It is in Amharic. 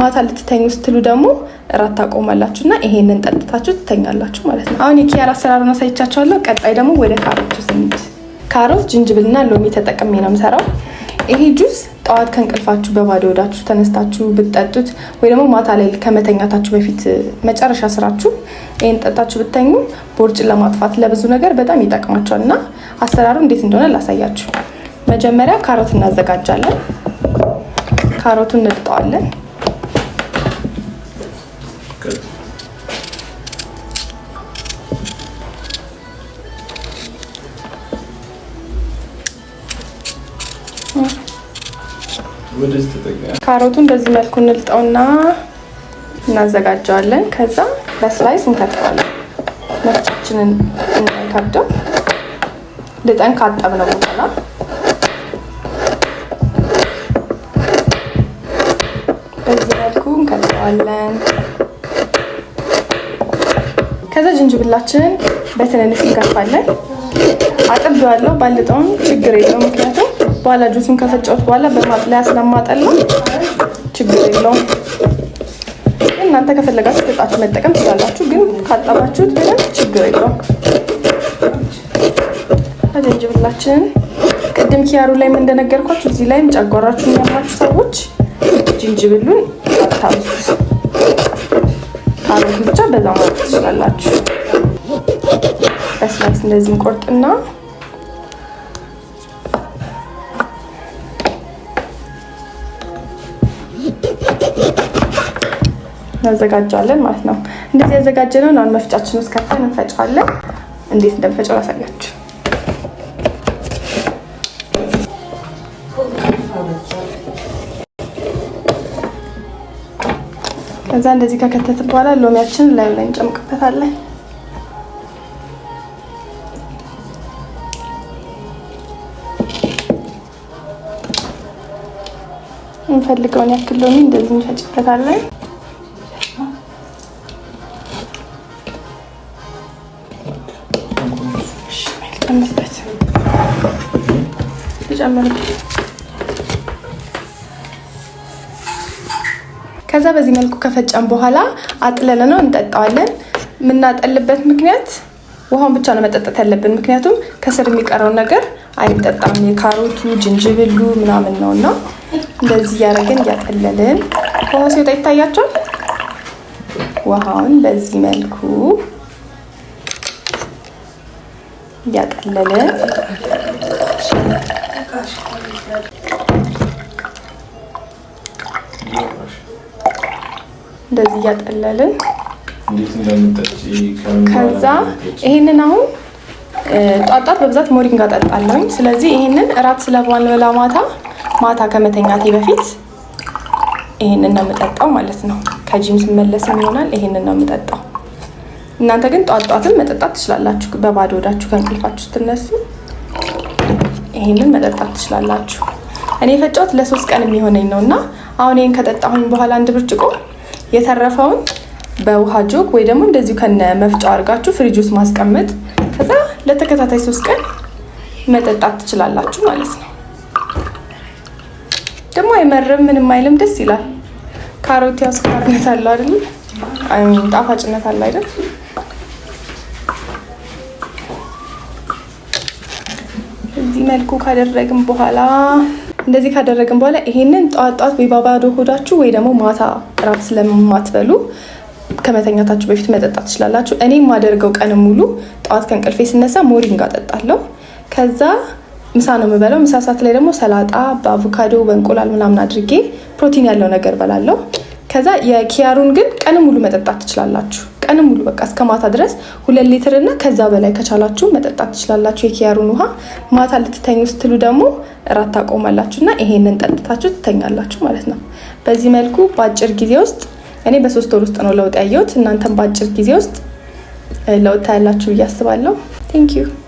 ማታ ልትተኙ ስትሉ ደግሞ እራት ታቆማላችሁ እና ይሄንን ጠጥታችሁ ትተኛላችሁ ማለት ነው። አሁን የኪያር አሰራሩን አሳይቻችኋለሁ። ቀጣይ ደግሞ ወደ ካሮቱ ስንሄድ ካሮት፣ ጅንጅብልና ሎሚ ተጠቅሜ ነው የምሰራው። ይሄ ጁስ ጠዋት ከእንቅልፋችሁ በባዶ ወዳችሁ ተነስታችሁ ብትጠጡት ወይ ደግሞ ማታ ላይ ከመተኛታችሁ በፊት መጨረሻ ስራችሁ ይህን ጠጣችሁ ብተኙ ቦርጭን ለማጥፋት ለብዙ ነገር በጣም ይጠቅማቸዋል እና አሰራሩ እንዴት እንደሆነ ላሳያችሁ። መጀመሪያ ካሮት እናዘጋጃለን። ካሮቱን እንልጠዋለን። ካሮቱ እንደዚህ መልኩ እንልጠውና እናዘጋጀዋለን። ከዛ በስላይስ እንከትፋለን። መፍጫችንን እንከብደው ልጠን ካጠብነው በኋላ በዚህ መልኩ እንከትፈዋለን። ከዛ ጅንጅብላችንን በትንንሽ እንከፋለን። አጥብ ያለው ባልጠውም ችግር የለው ምክንያቱ በኋላ ጁሱን ከፈጨሁት በኋላ በማጥለያ ስለማጠለው ችግር የለውም። እናንተ ከፈለጋችሁ ልጣችሁ መጠቀም ትችላላችሁ፣ ግን ካጠባችሁት ብለን ችግር የለውም። ዝንጅብላችንን ቅድም ኪያሩ ላይም እንደነገርኳችሁ እዚህ ላይም ጨጓራችሁ የሚያማችሁ ሰዎች ዝንጅብሉን አታብዙት፣ ካሮት ብቻ በዛ ማለት ትችላላችሁ። በስላስ እንደዚህ ቆርጥና እናዘጋጀዋለን ማለት ነው። እንደዚህ ያዘጋጀነውን አሁን መፍጫችን ውስጥ ከተን እንፈጫዋለን። እንዴት እንደምፈጫው ላሳያችሁ። ከዛ እንደዚህ ከከተትን በኋላ ሎሚያችን ላይ ላይ እንጨምቅበታለን። የምንፈልገውን ያክል ሎሚ እንደዚህ እንፈጭበታለን። ከዛ በዚህ መልኩ ከፈጨን በኋላ አጥለን ነው እንጠጣዋለን። የምናጠልበት ምክንያት ውሃውን ብቻ ነው መጠጣት ያለብን፣ ምክንያቱም ከስር የሚቀረው ነገር አይጠጣም። የካሮቱ ጅንጅብሉ ምናምን ነው እና እንደዚህ እያደረግን እያጠለልን ውሃ ሲወጣ ይታያቸዋል። ውሃውን በዚህ መልኩ እያቀለለ እንደዚህ እያጠለልን ከዛ ይሄንን አሁን ጧጧት በብዛት ሞሪንጋ ጠጣለሁ። ስለዚህ ይሄንን እራት ስለማልበላ ማታ ማታ ከመተኛቴ በፊት ይሄንን ነው የምጠጣው ማለት ነው። ከጂም ስመለስም ይሆናል ይሄንን ነው የምጠጣው። እናንተ ግን ጧት ጧትን መጠጣት ትችላላችሁ። በባዶ ወዳችሁ ከእንቅልፋችሁ ስትነሱ ይሄንን መጠጣት ትችላላችሁ። እኔ የፈጨሁት ለሶስት ቀን የሚሆነኝ ነው እና አሁን ይህን ከጠጣሁኝ በኋላ አንድ ብርጭቆ የተረፈውን በውሃ ጆግ ወይ ደግሞ እንደዚሁ ከነ መፍጫው አድርጋችሁ ፍሪጅ ውስጥ ማስቀመጥ ከዛ ለተከታታይ ሶስት ቀን መጠጣት ትችላላችሁ ማለት ነው። ደግሞ አይመርም፣ ምንም አይልም፣ ደስ ይላል። ካሮት ያው ስኳርነት አለው አይደለም? ጣፋጭነት አለ አይደል? እዚህ መልኩ ካደረግን በኋላ እንደዚህ ካደረግን በኋላ ይሄንን ጠዋት ጠዋት ወይ ባዶ ሆዳችሁ ወይ ደግሞ ማታ እራት ስለማትበሉ ከመተኛታችሁ በፊት መጠጣት ትችላላችሁ። እኔ የማደርገው ቀን ሙሉ ጠዋት ከእንቅልፌ ስነሳ ሞሪንጋ ጠጣለሁ። ከዛ ምሳ ነው የምበለው። ምሳ ሰዓት ላይ ደግሞ ሰላጣ በአቮካዶ በእንቁላል ምናምን አድርጌ ፕሮቲን ያለው ነገር በላለሁ። ከዛ የኪያሩን ግን ቀን ሙሉ መጠጣት ትችላላችሁ። ቀን ሙሉ በቃ እስከ ማታ ድረስ ሁለት ሊትር እና ከዛ በላይ ከቻላችሁ መጠጣት ትችላላችሁ የኪያሩን ውሃ። ማታ ልትተኙ ስትሉ ደግሞ እራት ታቆማላችሁ እና ይሄንን ጠጥታችሁ ትተኛላችሁ ማለት ነው። በዚህ መልኩ በአጭር ጊዜ ውስጥ እኔ በሶስት ወር ውስጥ ነው ለውጥ ያየሁት። እናንተም በአጭር ጊዜ ውስጥ ለውጥ ታያላችሁ ብዬ አስባለሁ።